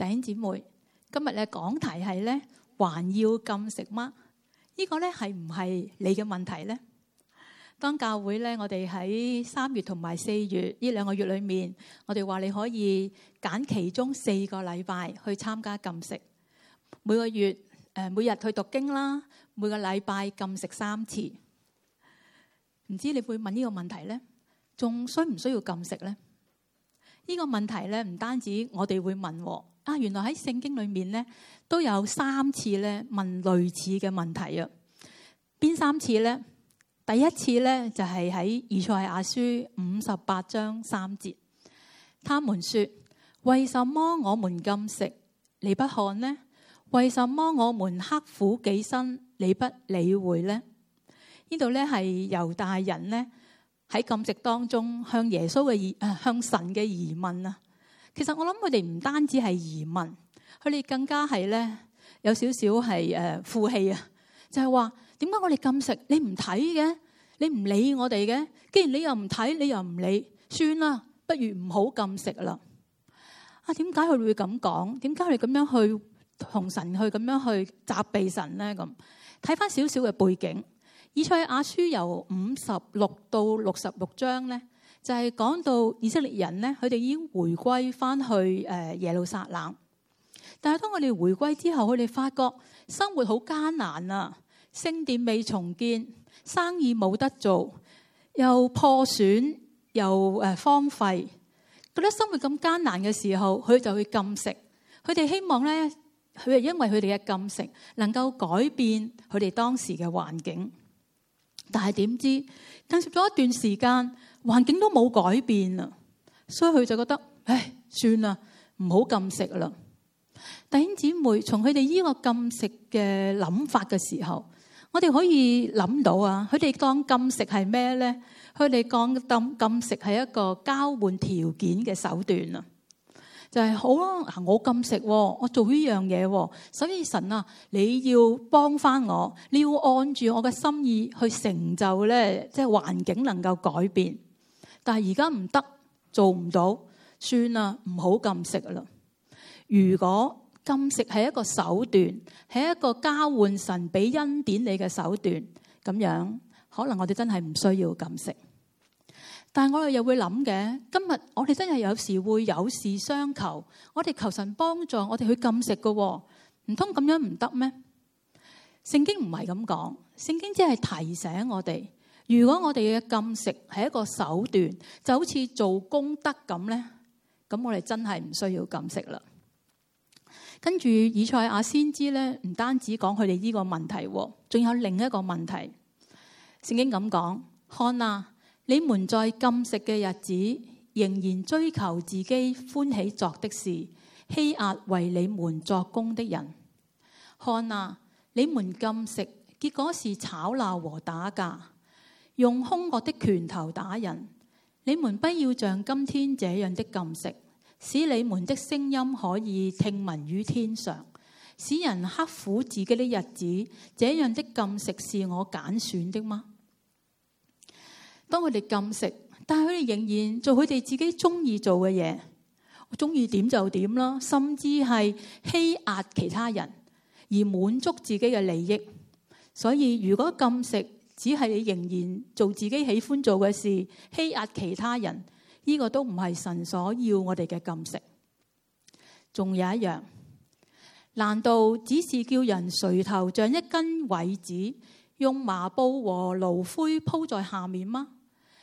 弟兄姊妹，今日咧講題係咧，還要禁食嗎？呢個咧係唔係你嘅問題咧？當教會咧，我哋喺三月同埋四月呢兩個月裏面，我哋話你可以揀其中四個禮拜去參加禁食。每個月誒，每日去讀經啦，每個禮拜禁食三次。唔知你會問呢個問題咧？仲需唔需要禁食咧？呢個問題咧，唔單止我哋會問。啊！原來喺聖經裏面都有三次咧問類似嘅問題啊。邊三次呢？第一次咧就係喺以賽亞書五十八章三節，他們說：為什麼我們禁食你不看呢？為什麼我們刻苦己身你不理會呢？呢度咧係猶大人咧喺禁食當中向耶穌嘅疑向神嘅疑問啊！其實我諗佢哋唔單止係疑問，佢哋更加係咧有少少係誒負氣啊！就係話，點解我哋禁食你唔睇嘅，你唔理我哋嘅？既然你又唔睇你又唔理，算啦，不如唔好禁食啦。啊，點解佢會咁講？點解佢咁樣去同神去咁樣去責備神咧？咁睇返少少嘅背景，以賽亞書由五十六到六十六章咧。就係、是、講到以色列人呢，佢哋已經回歸翻去誒耶路撒冷，但係當我哋回歸之後，佢哋發覺生活好艱難啊！聖殿未重建，生意冇得做，又破損又誒荒廢。覺得生活咁艱難嘅時候，佢就去禁食。佢哋希望咧，佢係因為佢哋嘅禁食能夠改變佢哋當時嘅環境。但係點知禁食咗一段時間，環境都冇改變啊，所以佢就覺得，唉，算啦，唔好禁食啦。弟兄姊妹，從佢哋呢個禁食嘅諗法嘅時候，我哋可以諗到啊，佢哋當禁食係咩咧？佢哋當禁禁食係一個交換條件嘅手段啊，就係、是、好啦，嗱，我禁食，我做呢樣嘢，所以神啊，你要幫翻我，你要按住我嘅心意去成就咧，即係環境能夠改變。但係而家唔得，做唔到，算啦，唔好禁食啦。如果禁食係一個手段，係一個交換神畀恩典你嘅手段，咁樣可能我哋真係唔需要禁食。但我哋又會諗嘅，今日我哋真係有時會有事相求，我哋求神幫助，我哋去禁食嘅，唔通咁樣唔得咩？聖經唔係咁講，聖經只係提醒我哋。如果我哋嘅禁食係一個手段，就好似做功德咁呢，咁我哋真係唔需要禁食啦。跟住以賽亞先知呢，唔單止講佢哋呢個問題，仲有另一個問題。聖經咁講：看啊，你們在禁食嘅日子，仍然追求自己歡喜作的事，欺壓為你們作工的人。看啊，你們禁食，結果是吵鬧和打架。用凶惡的拳頭打人，你們不要像今天這樣的禁食，使你們的聲音可以聽聞於天上，使人刻苦自己的日子。這樣的禁食是我揀選的嗎？當佢哋禁食，但係佢哋仍然做佢哋自己中意做嘅嘢，我中意點就點啦，甚至係欺壓其他人而滿足自己嘅利益。所以如果禁食，只係你仍然做自己喜歡做嘅事，欺壓其他人，呢、這個都唔係神所要我哋嘅禁食。仲有一樣，難道只是叫人垂頭像一根葦子，用麻布和爐灰鋪在下面嗎？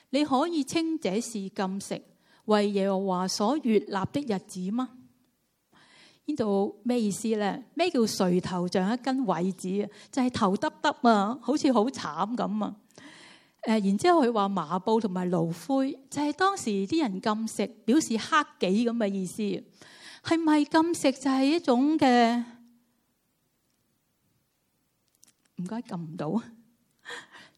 你可以稱這是禁食，為耶和華所悅納的日子嗎？呢度咩意思咧？咩叫垂頭像一根葦子啊？就係、是、頭耷耷啊，好似好慘咁啊！誒，然之後佢話麻布同埋爐灰，就係、是、當時啲人禁食，表示乞兒咁嘅意思。係咪禁食就係一種嘅？唔該撳唔到，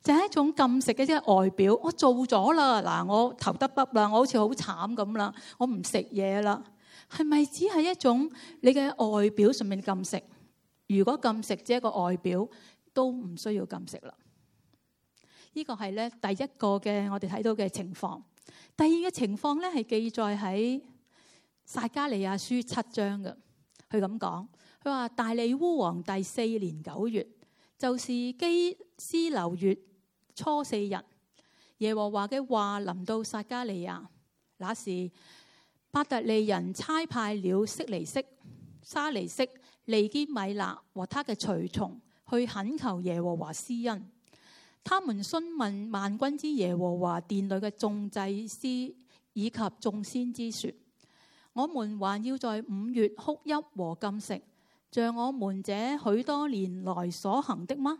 就係、是、一種禁食嘅即係外表。我做咗啦，嗱，我頭耷耷啦，我好似好慘咁啦，我唔食嘢啦。係咪只係一種你嘅外表上面禁食？如果禁食即係一個外表，都唔需要禁食啦。呢個係咧第一個嘅我哋睇到嘅情況。第二個情況咧係記載喺撒加利亞書七章嘅，佢咁講，佢話大利烏皇帝四年九月，就是基斯流月初四日，耶和華嘅話臨到撒加利亞，那時。伯特利人差派了色尼色、沙尼色、利堅米納和他嘅隨從去懇求耶和華施恩。他們詢問萬軍之耶和華殿裏嘅眾祭司以及眾先知說：我們還要在五月哭泣和禁食，像我們這許多年來所行的嗎？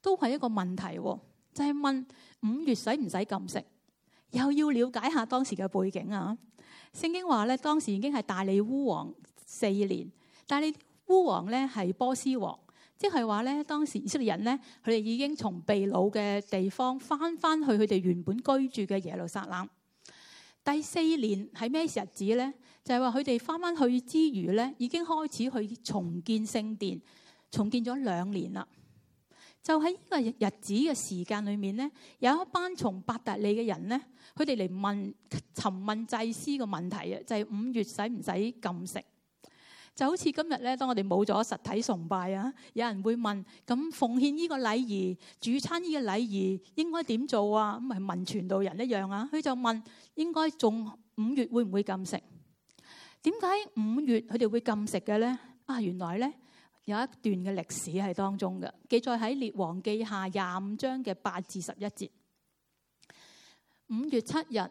都係一個問題，就係、是、問五月使唔使禁食？又要了解下當時嘅背景啊！聖經話咧，當時已經係大利烏王四年，大利烏王咧係波斯王，即係話咧，當時以色列人呢，佢哋已經從被擄嘅地方翻翻去佢哋原本居住嘅耶路撒冷。第四年係咩日子咧？就係話佢哋翻翻去之餘咧，已經開始去重建聖殿，重建咗兩年啦。就喺呢個日子嘅時間裏面咧，有一班從八達尼嘅人咧，佢哋嚟問尋問祭司嘅問題啊，就係、是、五月使唔使禁食？就好似今日咧，當我哋冇咗實體崇拜啊，有人會問：咁奉獻呢個禮儀、主餐呢個禮儀應該點做啊？咁咪問傳道人一樣啊？佢就問：應該仲五月會唔會禁食？點解五月佢哋會禁食嘅咧？啊，原來咧～有一段嘅歷史係當中嘅，記載喺《列王記下》廿五章嘅八至十一節。五月七日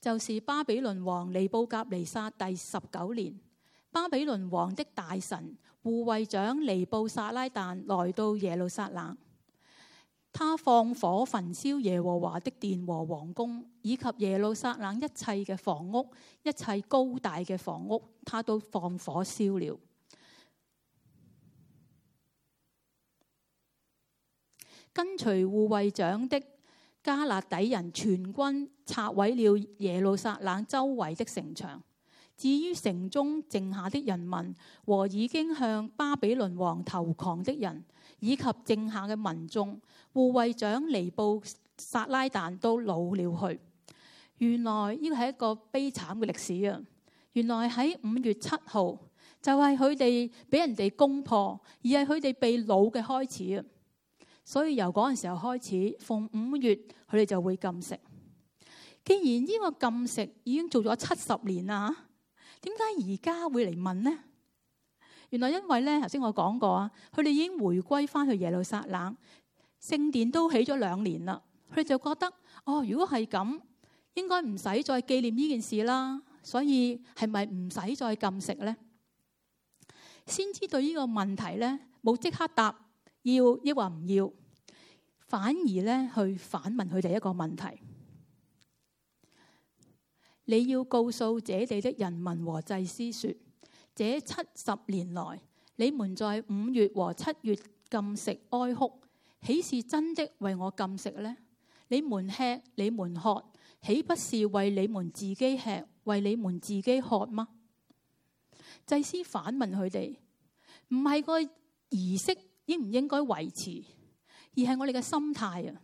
就是巴比倫王尼布甲尼撒第十九年，巴比倫王的大臣、護衛長尼布撒拉旦來到耶路撒冷，他放火焚燒耶和華的殿和王宮，以及耶路撒冷一切嘅房屋，一切高大嘅房屋，他都放火燒了。跟隨護衛長的加勒底人全軍拆毀了耶路撒冷周圍的城牆。至於城中剩下的人民和已經向巴比倫王投降的人，以及剩下嘅民眾，護衛長尼布撒拉旦都老了去。原來呢個係一個悲慘嘅歷史啊！原來喺五月七號就係佢哋俾人哋攻破，而係佢哋被老嘅開始。所以由嗰陣時候開始，逢五月佢哋就會禁食。既然呢個禁食已經做咗七十年啦，點解而家會嚟問呢？原來因為咧，頭先我講過啊，佢哋已經回歸翻去耶路撒冷，聖殿都起咗兩年啦。佢哋就覺得哦，如果係咁，應該唔使再紀念呢件事啦。所以係咪唔使再禁食咧？先知對呢個問題咧，冇即刻答，要抑或唔要？反而呢，去反問佢哋一個問題：你要告訴這地的人民和祭司說，這七十年來，你們在五月和七月禁食哀哭，豈是真的為我禁食呢？你們吃，你們喝，豈不是為你們自己吃，為你們自己喝嗎？祭司反問佢哋：唔係個儀式應唔應該維持？而係我哋嘅心態啊，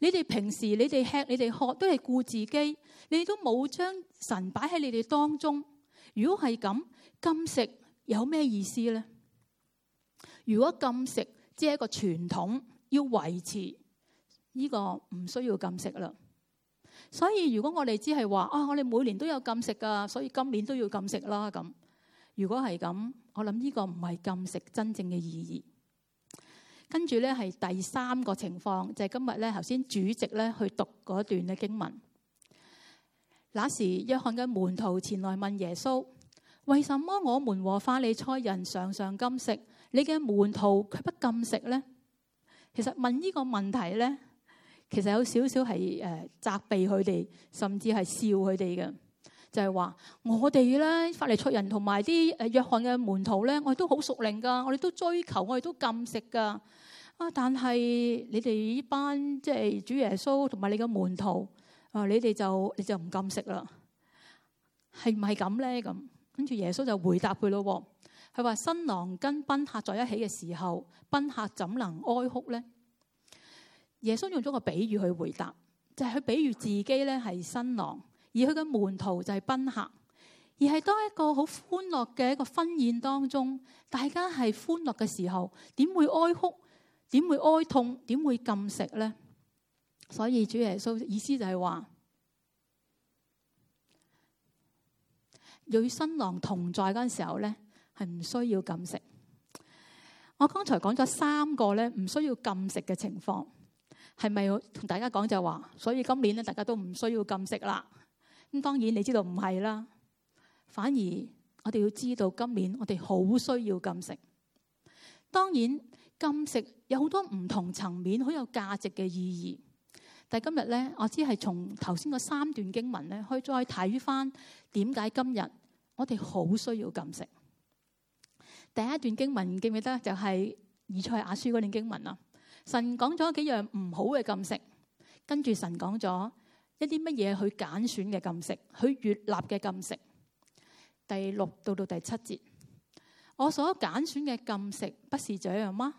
你哋平時你哋吃你哋喝都係顧自己，你都冇將神擺喺你哋當中。如果係咁，禁食有咩意思咧？如果禁食只係一個傳統，要維持呢個唔需要禁食啦。所以如果我哋只係話啊，我哋每年都有禁食噶，所以今年都要禁食啦。咁如果係咁，我諗呢個唔係禁食真正嘅意義。跟住咧係第三個情況，就係、是、今日咧頭先主席咧去讀嗰段嘅經文。那時，約翰嘅門徒前來問耶穌：為什麼我們和法利賽人常常禁食，你嘅門徒卻不禁食咧？其實問呢個問題咧，其實有少少係誒責備佢哋，甚至係笑佢哋嘅。就係、是、話我哋咧，法利賽人同埋啲誒約翰嘅門徒咧，我哋都好屬靈噶，我哋都追求，我哋都禁食噶。啊，但係你哋呢班即係、就是、主耶穌同埋你嘅門徒啊，你哋就你就唔禁食啦，係唔係咁咧？咁跟住耶穌就回答佢咯，佢話，新郎跟賓客在一起嘅時候，賓客怎能哀哭咧？耶穌用咗個比喻去回答，就係、是、佢比喻自己咧係新郎。而佢嘅門徒就係賓客，而係當一個好歡樂嘅一個婚宴當中，大家係歡樂嘅時候，點會哀哭？點會哀痛？點會禁食咧？所以主耶穌意思就係話，與新郎同在嗰陣時候咧，係唔需要禁食。我剛才講咗三個咧，唔需要禁食嘅情況，係咪同大家講就話？所以今年咧，大家都唔需要禁食啦。當然你知道唔係啦，反而我哋要知道今年我哋好需要禁食。當然禁食有好多唔同層面，好有價值嘅意義，但係今日咧，我只係從頭先嗰三段經文咧，去再睇翻點解今日我哋好需要禁食。第一段經文記唔記得就係以賽亞書嗰段經文啊：「神講咗幾樣唔好嘅禁食，跟住神講咗。一啲乜嘢去揀選嘅禁食，去悅納嘅禁食。第六到到第七節，我所揀選嘅禁食不是這樣嗎？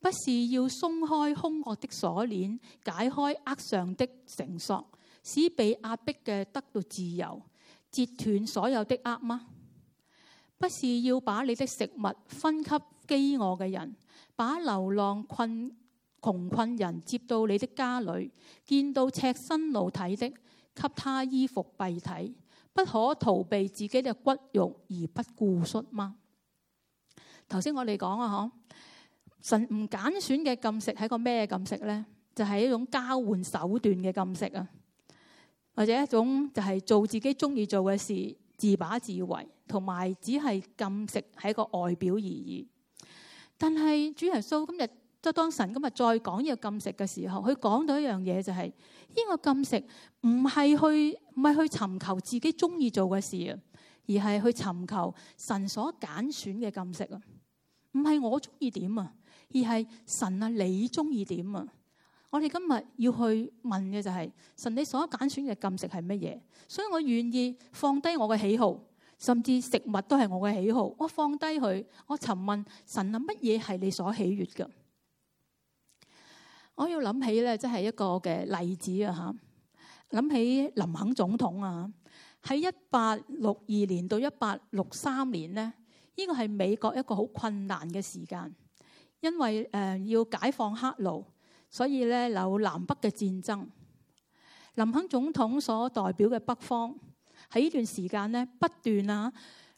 不是要鬆開兇惡的鎖鏈，解開軛上的繩索，使被壓迫嘅得到自由，截斷所有的軛嗎？不是要把你的食物分給飢餓嘅人，把流浪困窮困人接到你的家裏，見到赤身露體的，給他衣服蔽體，不可逃避自己的骨肉而不顧恤嗎？頭先我哋講啊，嗬，神唔揀選嘅禁食係個咩禁食呢？就係一種交換手段嘅禁食啊，或者一種就係做自己中意做嘅事，自把自為，同埋只係禁食係個外表而已。但係主耶穌今日。即係當神今日再講呢個禁食嘅時候，佢講到一樣嘢就係呢個禁食唔係去唔係去尋求自己中意做嘅事啊，而係去尋求神所揀選嘅禁食啊。唔係我中意點啊，而係神啊，你中意點啊？我哋今日要去問嘅就係神，你所揀選嘅禁食係乜嘢？所以我願意放低我嘅喜好，甚至食物都係我嘅喜好，我放低佢，我尋問神啊，乜嘢係你所喜悅嘅？我要諗起咧，即係一個嘅例子啊！吓，諗起林肯總統啊，喺一八六二年到一八六三年呢，呢個係美國一個好困難嘅時間，因為誒要解放黑奴，所以咧有南北嘅戰爭。林肯總統所代表嘅北方，喺呢段時間咧不斷啊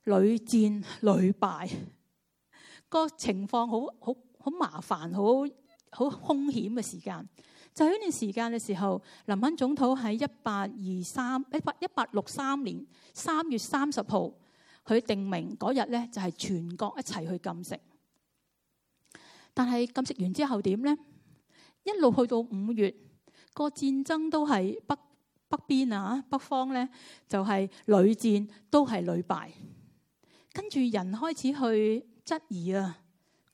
屢戰屢敗，個情況好好好麻煩，好。好兇險嘅時間，就喺呢段時間嘅時候，林肯總統喺一八二三一八一八六三年三月三十號，佢定名嗰日咧就係全國一齊去禁食。但係禁食完之後點咧？一路去到五月，個戰爭都係北北邊啊，北方咧就係屢戰都係屢敗，跟住人開始去質疑啊，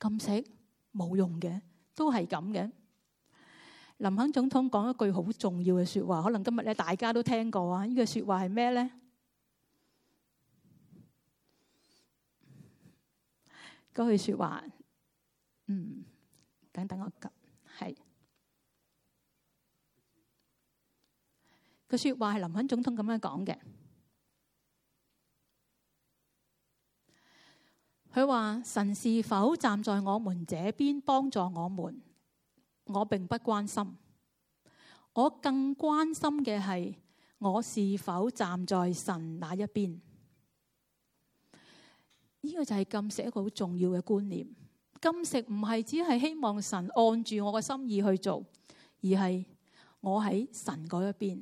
禁食冇用嘅。都係咁嘅。林肯總統講一句好重要嘅説話，可能今日咧大家都聽過啊！呢句説話係咩咧？嗰句説話，嗯，等等我急，係個説話係林肯總統咁樣講嘅。佢話，神是否站在我們這邊幫助我們？我並不關心，我更關心嘅係我是否站在神那一邊。呢、這個就係禁食一個好重要嘅觀念。禁食唔係只係希望神按住我嘅心意去做，而係我喺神嗰一邊，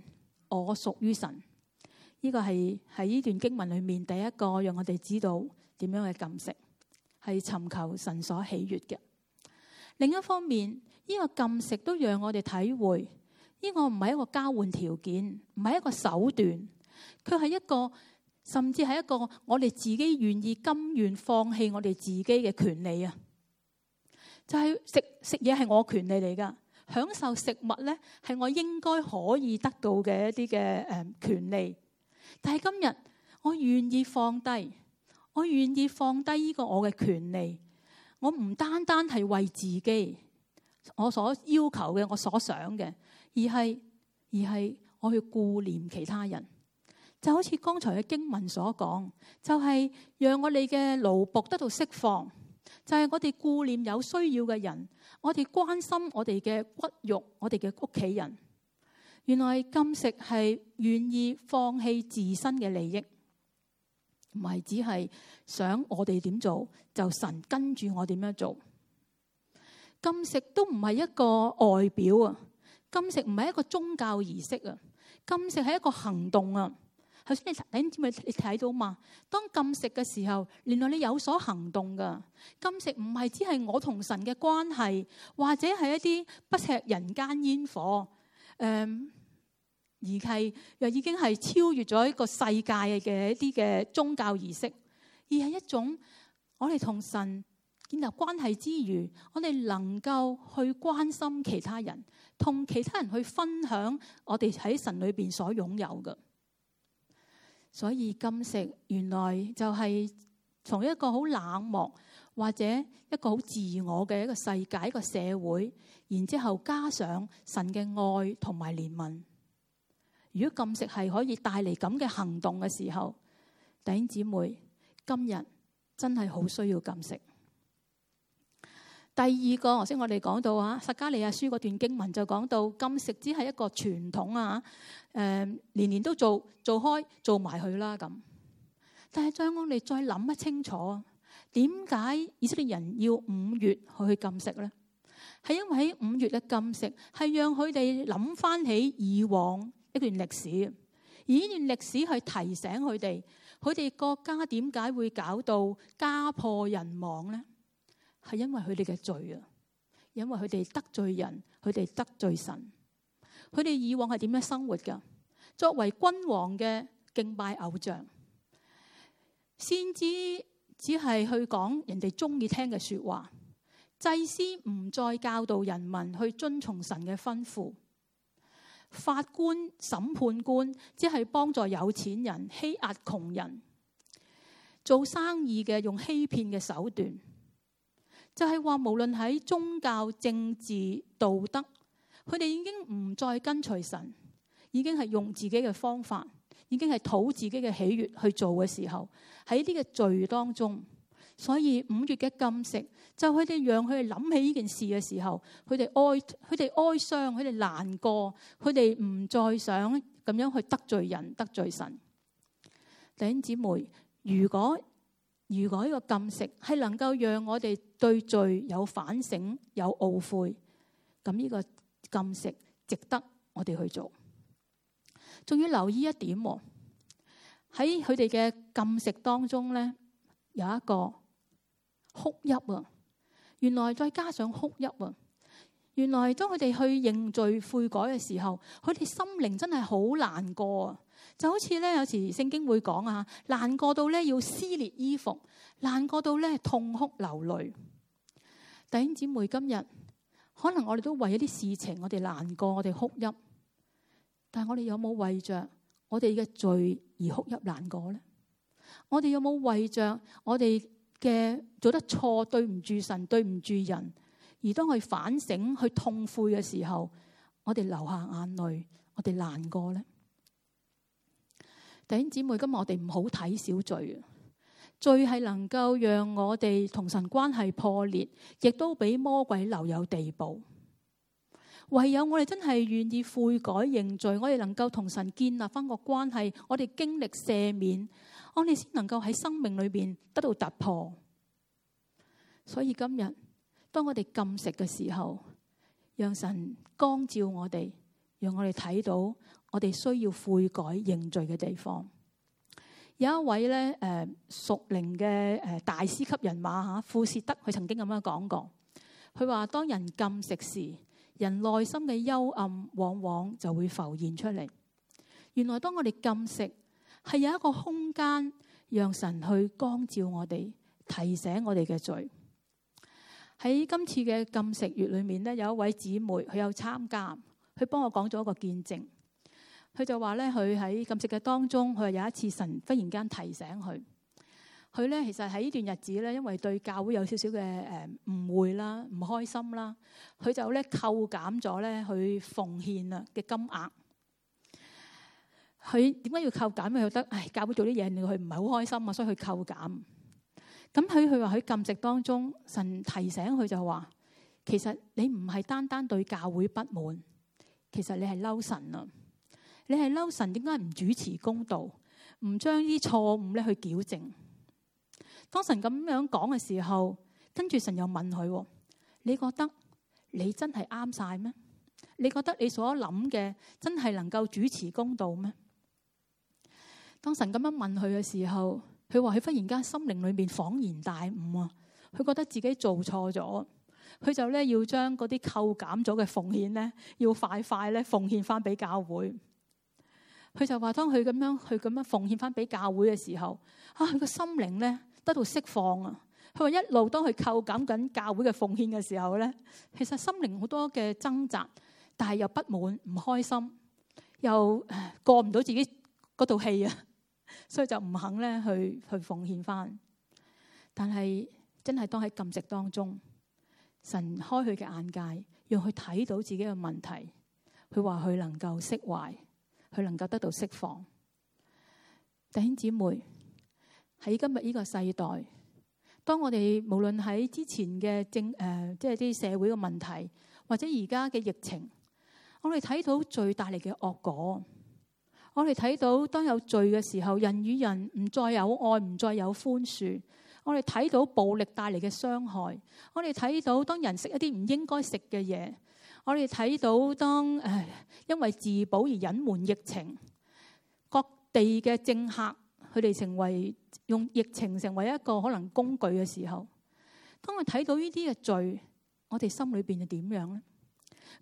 我屬於神。呢、這個係喺呢段經文裏面第一個讓我哋知道。點樣去禁食，係尋求神所喜悦嘅。另一方面，呢個禁食都讓我哋體會，呢個唔係一個交換條件，唔係一個手段，佢係一個，甚至係一個我哋自己願意甘願放棄我哋自己嘅權利啊！就係食食嘢係我權利嚟噶，享受食物呢係我應該可以得到嘅一啲嘅誒權利。但係今日我願意放低。我願意放低呢個我嘅權利，我唔單單係為自己，我所要求嘅，我所想嘅，而係而係我去顧念其他人，就好似剛才嘅經文所講，就係讓我哋嘅勞僕得到釋放，就係我哋顧念有需要嘅人，我哋關心我哋嘅骨肉，我哋嘅屋企人。原來禁食係願意放棄自身嘅利益。唔係只係想我哋點做，就神跟住我點樣做。禁食都唔係一個外表啊，禁食唔係一個宗教儀式啊，禁食係一個行動啊。頭先你你知唔知，你睇到嘛？當禁食嘅時候，原來你有所行動噶。禁食唔係只係我同神嘅關係，或者係一啲不食人間煙火，誒、嗯。而係又已經係超越咗一個世界嘅一啲嘅宗教儀式，而係一種我哋同神建立關係之餘，我哋能夠去關心其他人，同其他人去分享我哋喺神裏邊所擁有嘅。所以，禁食原來就係從一個好冷漠或者一個好自我嘅一個世界一個社會，然之後加上神嘅愛同埋憐憫。如果禁食係可以帶嚟咁嘅行動嘅時候，弟兄姊妹，今日真係好需要禁食。第二個，頭先我哋講到啊，撒迦利亞書嗰段經文就講到禁食只係一個傳統啊，誒，年年都做做開做埋去啦咁。但係再我哋再諗一清楚，點解以色列人要五月去禁食咧？係因為喺五月嘅禁食係讓佢哋諗翻起以往，一段歷史，以段歷史去提醒佢哋，佢哋國家點解會搞到家破人亡呢？係因為佢哋嘅罪啊！因為佢哋得罪人，佢哋得罪神。佢哋以往係點樣生活噶？作為君王嘅敬拜偶像，先知只係去講人哋中意聽嘅說話，祭司唔再教導人民去遵從神嘅吩咐。法官、審判官，即係幫助有錢人欺壓窮人；做生意嘅用欺騙嘅手段，就係話無論喺宗教、政治、道德，佢哋已經唔再跟隨神，已經係用自己嘅方法，已經係討自己嘅喜悅去做嘅時候，喺呢個罪當中。所以五月嘅禁食就佢哋讓佢哋諗起呢件事嘅時候，佢哋哀，佢哋哀傷，佢哋難過，佢哋唔再想咁樣去得罪人、得罪神。弟兄姊妹，如果如果呢個禁食係能夠讓我哋對罪有反省、有懊悔，咁呢個禁食值得我哋去做。仲要留意一點喎，喺佢哋嘅禁食當中咧，有一個。哭泣啊！原來再加上哭泣啊！原來當佢哋去認罪悔改嘅時候，佢哋心靈真係好難過啊！就好似咧，有時聖經會講啊，難過到咧要撕裂衣服，難過到咧痛哭流淚。弟兄姊妹今天，今日可能我哋都為一啲事情，我哋難過，我哋哭泣，但係我哋有冇為着我哋嘅罪而哭泣難過咧？我哋有冇為着我哋？嘅做得錯，對唔住神，對唔住人。而當佢反省、去痛悔嘅時候，我哋流下眼淚，我哋難過呢。弟兄姊妹，今日我哋唔好睇小罪，罪係能夠讓我哋同神關係破裂，亦都俾魔鬼留有地步。唯有我哋真係願意悔改認罪，我哋能夠同神建立翻個關係，我哋經歷赦免。我哋先能夠喺生命裏邊得到突破，所以今日當我哋禁食嘅時候，讓神光照我哋，讓我哋睇到我哋需要悔改認罪嘅地方。有一位咧誒，屬靈嘅誒大師級人馬吓，富士德，佢曾經咁樣講過，佢話當人禁食時，人內心嘅幽暗往往就會浮現出嚟。原來當我哋禁食。係有一個空間，讓神去光照我哋，提醒我哋嘅罪。喺今次嘅禁食月裏面咧，有一位姊妹佢有參加，佢幫我講咗一個見證。佢就話咧，佢喺禁食嘅當中，佢有一次神忽然間提醒佢，佢咧其實喺呢段日子咧，因為對教會有少少嘅誒誤會啦、唔開心啦，佢就咧扣減咗咧佢奉獻啊嘅金額。佢點解要扣減？佢覺得唉、哎，教會做啲嘢令佢唔係好開心啊，所以佢扣減。咁喺佢話喺禁食當中，神提醒佢就話：其實你唔係單單對教會不滿，其實你係嬲神啊！你係嬲神點解唔主持公道，唔將啲錯誤咧去矯正？當神咁樣講嘅時候，跟住神又問佢：你覺得你真係啱晒咩？你覺得你所諗嘅真係能夠主持公道咩？當神咁樣問佢嘅時候，佢話佢忽然間心靈裏邊恍然大悟啊！佢覺得自己做錯咗，佢就咧要將嗰啲扣減咗嘅奉獻咧，要快快咧奉獻翻俾教會。佢就話：當佢咁樣，去咁樣奉獻翻俾教會嘅時候，啊，佢個心靈咧得到釋放啊！佢話一路當佢扣減緊教會嘅奉獻嘅時候咧，其實心靈好多嘅掙扎，但係又不滿、唔開心，又過唔到自己嗰度氣啊！所以就唔肯咧去去奉獻翻，但係真係當喺禁食當中，神開佢嘅眼界，讓佢睇到自己嘅問題。佢話佢能夠釋懷，佢能夠得到釋放。弟兄姊妹，喺今日呢個世代，當我哋無論喺之前嘅政、誒，即係啲社會嘅問題，或者而家嘅疫情，我哋睇到罪帶嚟嘅惡果。我哋睇到當有罪嘅時候，人與人唔再有愛，唔再有寬恕。我哋睇到暴力帶嚟嘅傷害，我哋睇到當人食一啲唔應該食嘅嘢，我哋睇到當誒因為自保而隱瞞疫情，各地嘅政客佢哋成為用疫情成為一個可能工具嘅時候，當我睇到呢啲嘅罪，我哋心裏邊係點樣呢？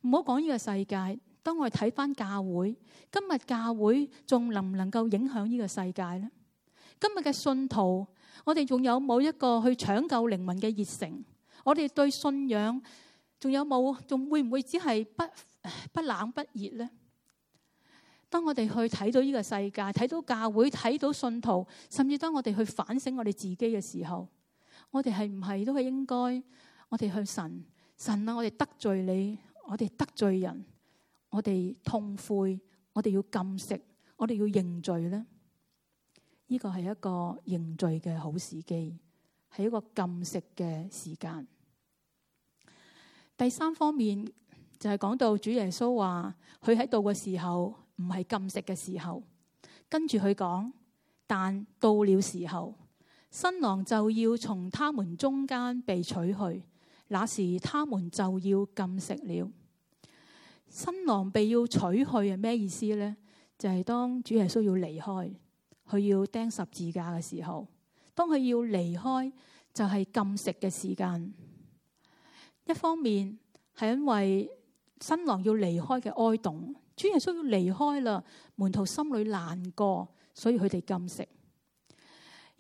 唔好講呢個世界。當我哋睇翻教會，今日教會仲能唔能夠影響呢個世界呢？今日嘅信徒，我哋仲有冇一個去搶救靈魂嘅熱誠？我哋對信仰仲有冇？仲會唔會只係不不冷不熱呢？當我哋去睇到呢個世界，睇到教會，睇到信徒，甚至當我哋去反省我哋自己嘅時候，我哋係唔係都係應該？我哋去神神啊，我哋得罪你，我哋得罪人。我哋痛悔，我哋要禁食，我哋要認罪呢，呢、呢個係一個認罪嘅好時機，係一個禁食嘅時間。第三方面就係、是、講到主耶穌話，佢喺度嘅時候唔係禁食嘅時候，跟住佢講，但到了時候，新郎就要從他們中間被取去，那時他們就要禁食了。新郎被要娶去係咩意思呢？就係、是、當主耶穌要離開，佢要釘十字架嘅時候，當佢要離開就係禁食嘅時間。一方面係因為新郎要離開嘅哀慟，主耶穌要離開啦，門徒心裏難過，所以佢哋禁食。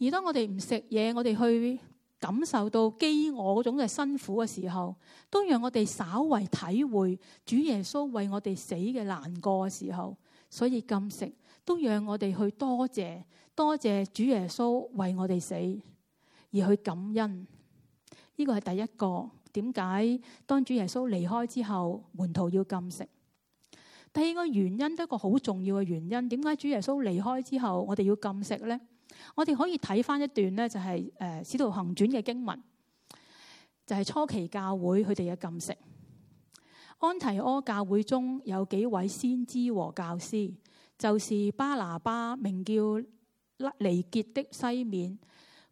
而當我哋唔食嘢，我哋去。感受到飢餓嗰種嘅辛苦嘅時候，都讓我哋稍為體會主耶穌為我哋死嘅難過嘅時候，所以禁食都讓我哋去多謝多謝主耶穌為我哋死而去感恩。呢個係第一個點解當主耶穌離開之後，門徒要禁食。第二個原因得個好重要嘅原因，點解主耶穌離開之後我哋要禁食呢？我哋可以睇翻一段呢就係誒《使徒行傳》嘅經文，就係、是、初期教會佢哋嘅禁食。安提阿教會中有幾位先知和教師，就是巴拿巴，名叫尼杰的西面；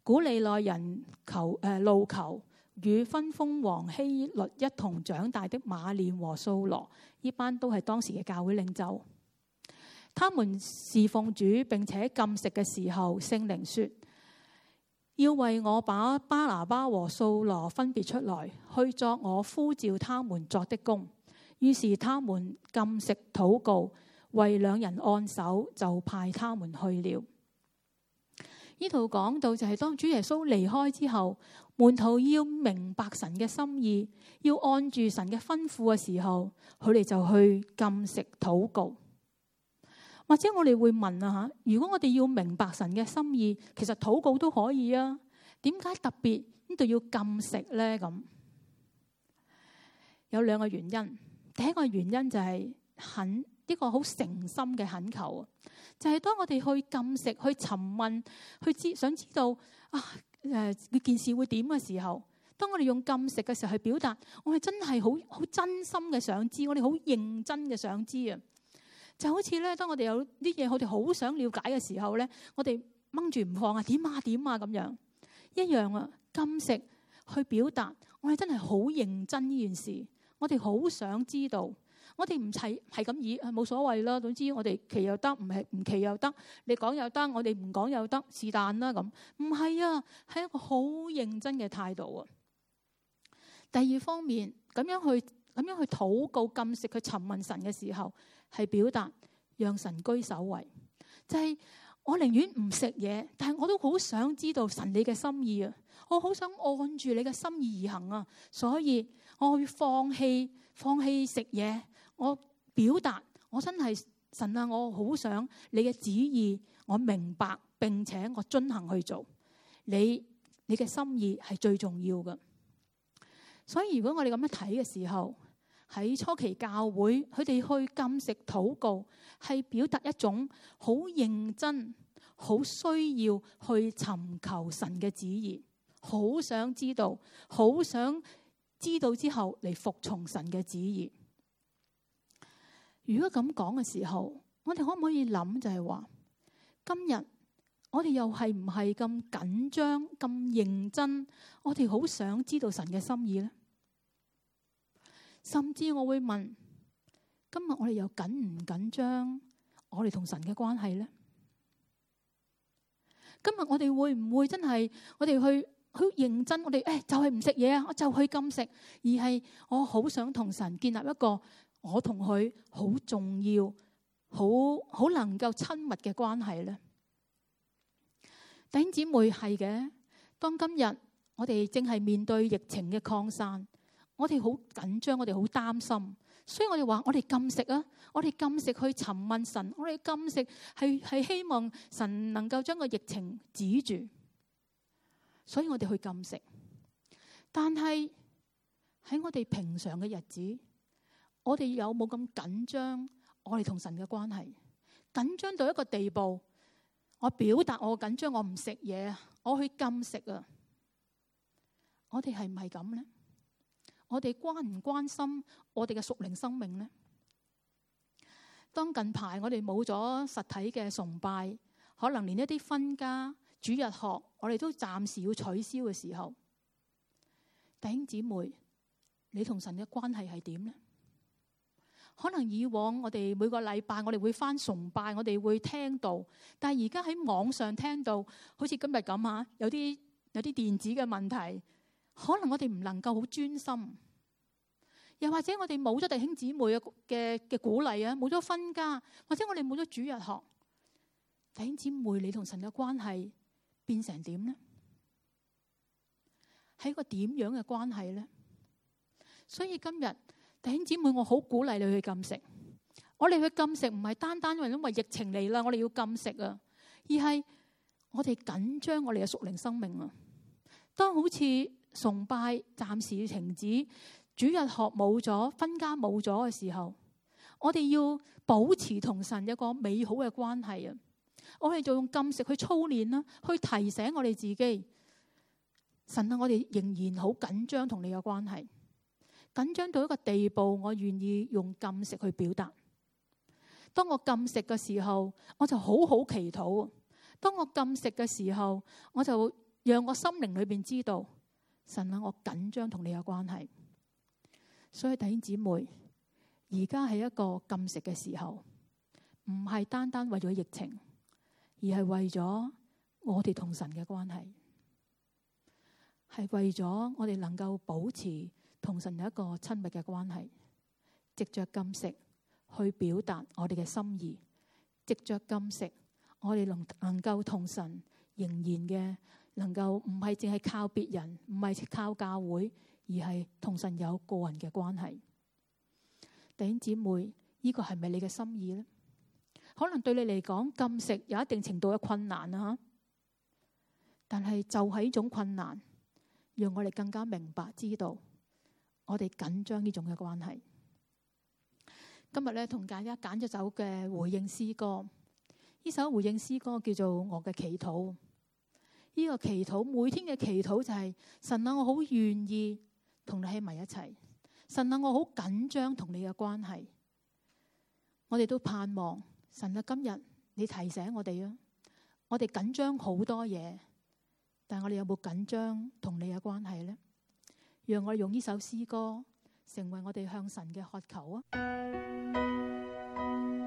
古利奈人求誒路求，與分封王希律一同長大的馬念和蘇羅，呢班都係當時嘅教會領袖。他們侍奉主並且禁食嘅時候，聖靈說：要為我把巴拿巴和掃羅分別出來，去作我呼召他們作的工。於是他們禁食禱告，為兩人按手，就派他們去了。呢度講到就係當主耶穌離開之後，門徒要明白神嘅心意，要按住神嘅吩咐嘅時候，佢哋就去禁食禱告。或者我哋會問啊吓，如果我哋要明白神嘅心意，其實禱告都可以啊。點解特別呢度要禁食咧？咁有兩個原因。第一個原因就係懇一個好誠心嘅懇求，就係、是、當我哋去禁食，去尋問，去知想知道啊誒呢件事會點嘅時候，當我哋用禁食嘅時候去表達，我係真係好好真心嘅想知，我哋好認真嘅想知啊。就好似咧，當我哋有啲嘢，我哋好想了解嘅時候咧，我哋掹住唔放啊，點啊點啊咁樣一樣啊。禁食、啊、去表達，我哋真係好認真呢件事。我哋好想知道，我哋唔係係咁意冇所謂啦。總之我哋祈又得，唔係唔祈又得，你講又得，我哋唔講又得，是但啦咁。唔係啊，係一個好認真嘅態度啊。第二方面咁樣去咁樣去禱告禁食、禁食去尋問神嘅時候。係表達讓神居首位，就係、是、我寧願唔食嘢，但係我都好想知道神你嘅心意啊！我好想按住你嘅心意而行啊！所以我會放棄放棄食嘢，我表達我真係神啊！我好想你嘅旨意，我明白並且我遵行去做。你你嘅心意係最重要嘅，所以如果我哋咁樣睇嘅時候。喺初期教會，佢哋去禁食禱告，係表達一種好認真、好需要去尋求神嘅旨意，好想知道，好想知道之後嚟服從神嘅旨意。如果咁講嘅時候，我哋可唔可以諗就係話，「今日我哋又係唔係咁緊張、咁認真？我哋好想知道神嘅心意呢？」甚至我會問：今日我哋又緊唔緊張？我哋同神嘅關係呢？今日我哋會唔會真係我哋去好認真？我哋誒就係唔食嘢啊！我就去禁食，而係我好想同神建立一個我同佢好重要、好好能夠親密嘅關係呢。弟兄姊妹係嘅，當今日我哋正係面對疫情嘅擴散。我哋好緊張，我哋好擔心，所以我哋話我哋禁食啊，我哋禁食去尋問神，我哋禁食係係希望神能夠將個疫情止住，所以我哋去禁食。但係喺我哋平常嘅日子，我哋有冇咁緊張？我哋同神嘅關係緊張到一個地步，我表達我緊張，我唔食嘢，我去禁食啊。我哋係唔係咁咧？我哋關唔關心我哋嘅屬靈生命呢？當近排我哋冇咗實體嘅崇拜，可能連一啲分家主日學，我哋都暫時要取消嘅時候，弟兄姊妹，你同神嘅關係係點呢？可能以往我哋每個禮拜我哋會返崇拜，我哋會聽到，但係而家喺網上聽到，好似今日咁呀，有啲有啲電子嘅問題。可能我哋唔能夠好專心，又或者我哋冇咗弟兄姊妹嘅嘅嘅鼓勵啊，冇咗分家，或者我哋冇咗主日學。弟兄姊妹，你同神嘅關係變成點呢？係一個點樣嘅關係咧？所以今日弟兄姊妹，我好鼓勵你去禁食。我哋去禁食唔係單單因為疫情嚟啦，我哋要禁食啊，而係我哋緊張我哋嘅屬靈生命啊。當好似...崇拜暫時停止，主日學冇咗，分家冇咗嘅時候，我哋要保持同神一個美好嘅關係啊！我哋就用禁食去操練啦，去提醒我哋自己，神啊！我哋仍然好緊張同你嘅關係，緊張到一個地步，我願意用禁食去表達。當我禁食嘅時候，我就好好祈禱；當我禁食嘅時候，我就讓我心靈裏邊知道。神啊，我緊張同你有關係，所以弟兄姊妹，而家係一個禁食嘅時候，唔係單單為咗疫情，而係為咗我哋同神嘅關係，係為咗我哋能夠保持同神有一個親密嘅關係，藉着禁食去表達我哋嘅心意，藉着禁食，我哋能能夠同神仍然嘅。能夠唔係淨係靠別人，唔係靠教會，而係同神有個人嘅關係。弟兄姊妹，呢個係咪你嘅心意呢？可能對你嚟講禁食有一定程度嘅困難啊，但係就係呢種困難，讓我哋更加明白知道我哋緊張呢種嘅關係。今日咧同大家揀咗首嘅回應詩歌，呢首回應詩歌叫做《我嘅祈禱》。呢個祈禱，每天嘅祈禱就係神啊，我好願意同你喺埋一齊。神啊，我好緊張同你嘅關係。我哋都盼望神啊，今日你提醒我哋啊，我哋緊張好多嘢，但係我哋有冇緊張同你嘅關係呢？讓我用呢首詩歌成為我哋向神嘅渴求啊！音樂音樂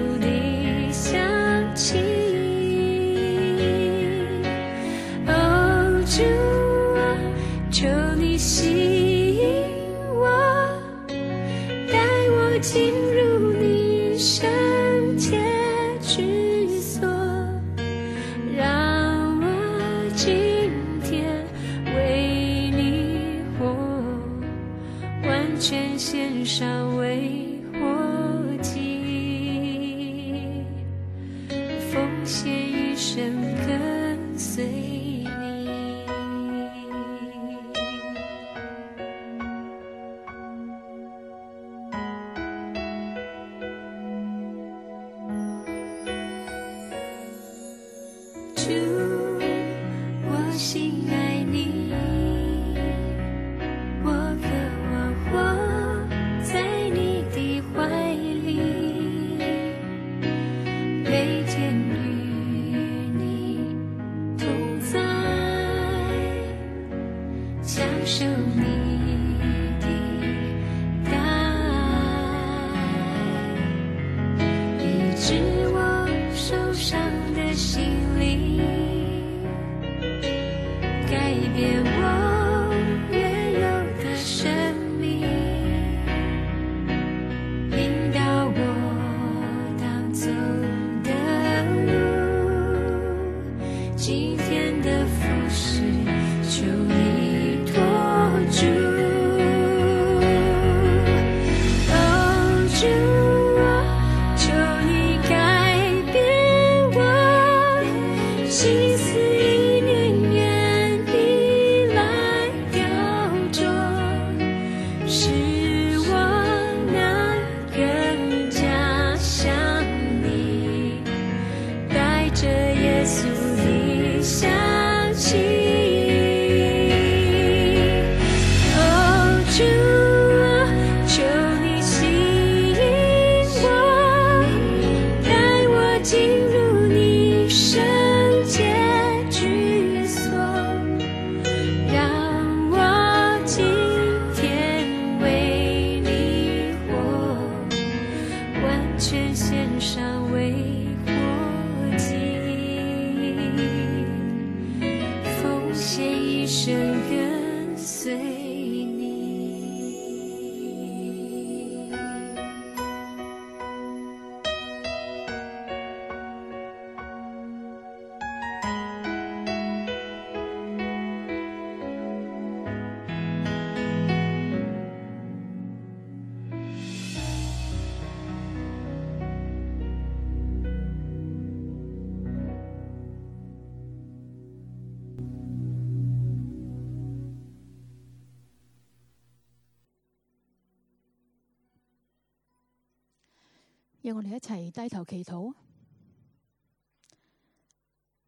我哋一齊低頭祈禱，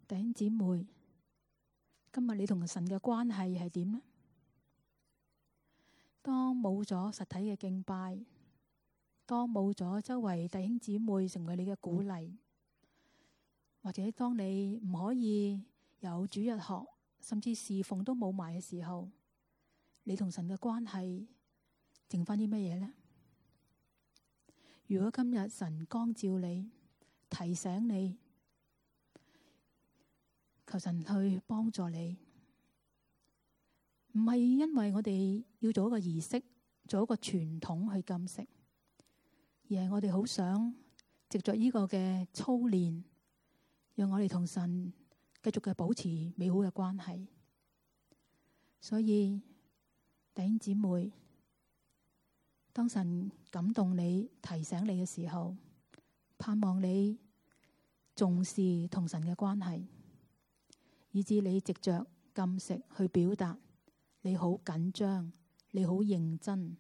弟兄姊妹，今日你同神嘅關係係點呢？當冇咗實體嘅敬拜，當冇咗周圍弟兄姊妹成為你嘅鼓勵，或者當你唔可以有主日學，甚至侍奉都冇埋嘅時候，你同神嘅關係剩返啲乜嘢呢？如果今日神光照你，提醒你，求神去幫助你，唔係因為我哋要做一個儀式，做一個傳統去禁食，而係我哋好想藉着呢個嘅操練，讓我哋同神繼續嘅保持美好嘅關係。所以，弟兄姊妹。當神感動你、提醒你嘅時候，盼望你重視同神嘅關係，以至你藉着禁食去表達你好緊張、你好認真，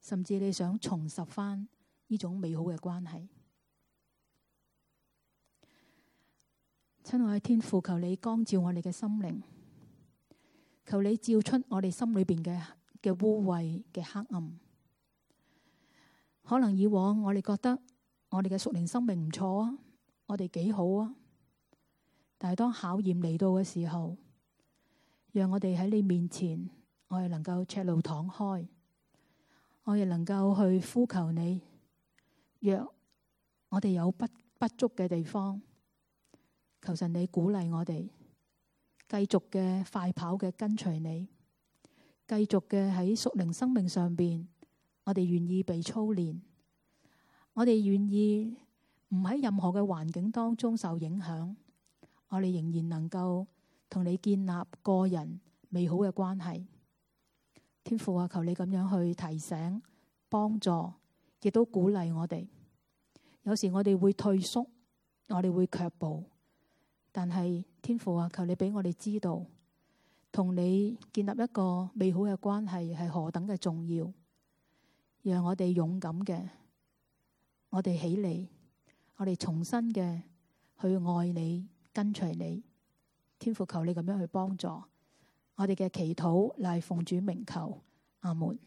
甚至你想重拾翻呢種美好嘅關係。親愛嘅天父，求你光照我哋嘅心靈，求你照出我哋心裏邊嘅嘅污穢嘅黑暗。可能以往我哋覺得我哋嘅屬靈生命唔錯啊，我哋幾好啊。但係當考驗嚟到嘅時候，讓我哋喺你面前，我亦能夠赤露敞開，我亦能夠去呼求你。若我哋有不不足嘅地方，求神你鼓勵我哋，繼續嘅快跑嘅跟隨你，繼續嘅喺屬靈生命上邊。我哋願意被操練，我哋願意唔喺任何嘅環境當中受影響，我哋仍然能夠同你建立個人美好嘅關係。天父啊，求你咁樣去提醒、幫助，亦都鼓勵我哋。有時我哋會退縮，我哋會卻步，但係天父啊，求你俾我哋知道，同你建立一個美好嘅關係係何等嘅重要。讓我哋勇敢嘅，我哋起嚟，我哋重新嘅去愛你，跟隨你，天父求你咁樣去幫助我哋嘅祈禱，乃奉主名求，阿門。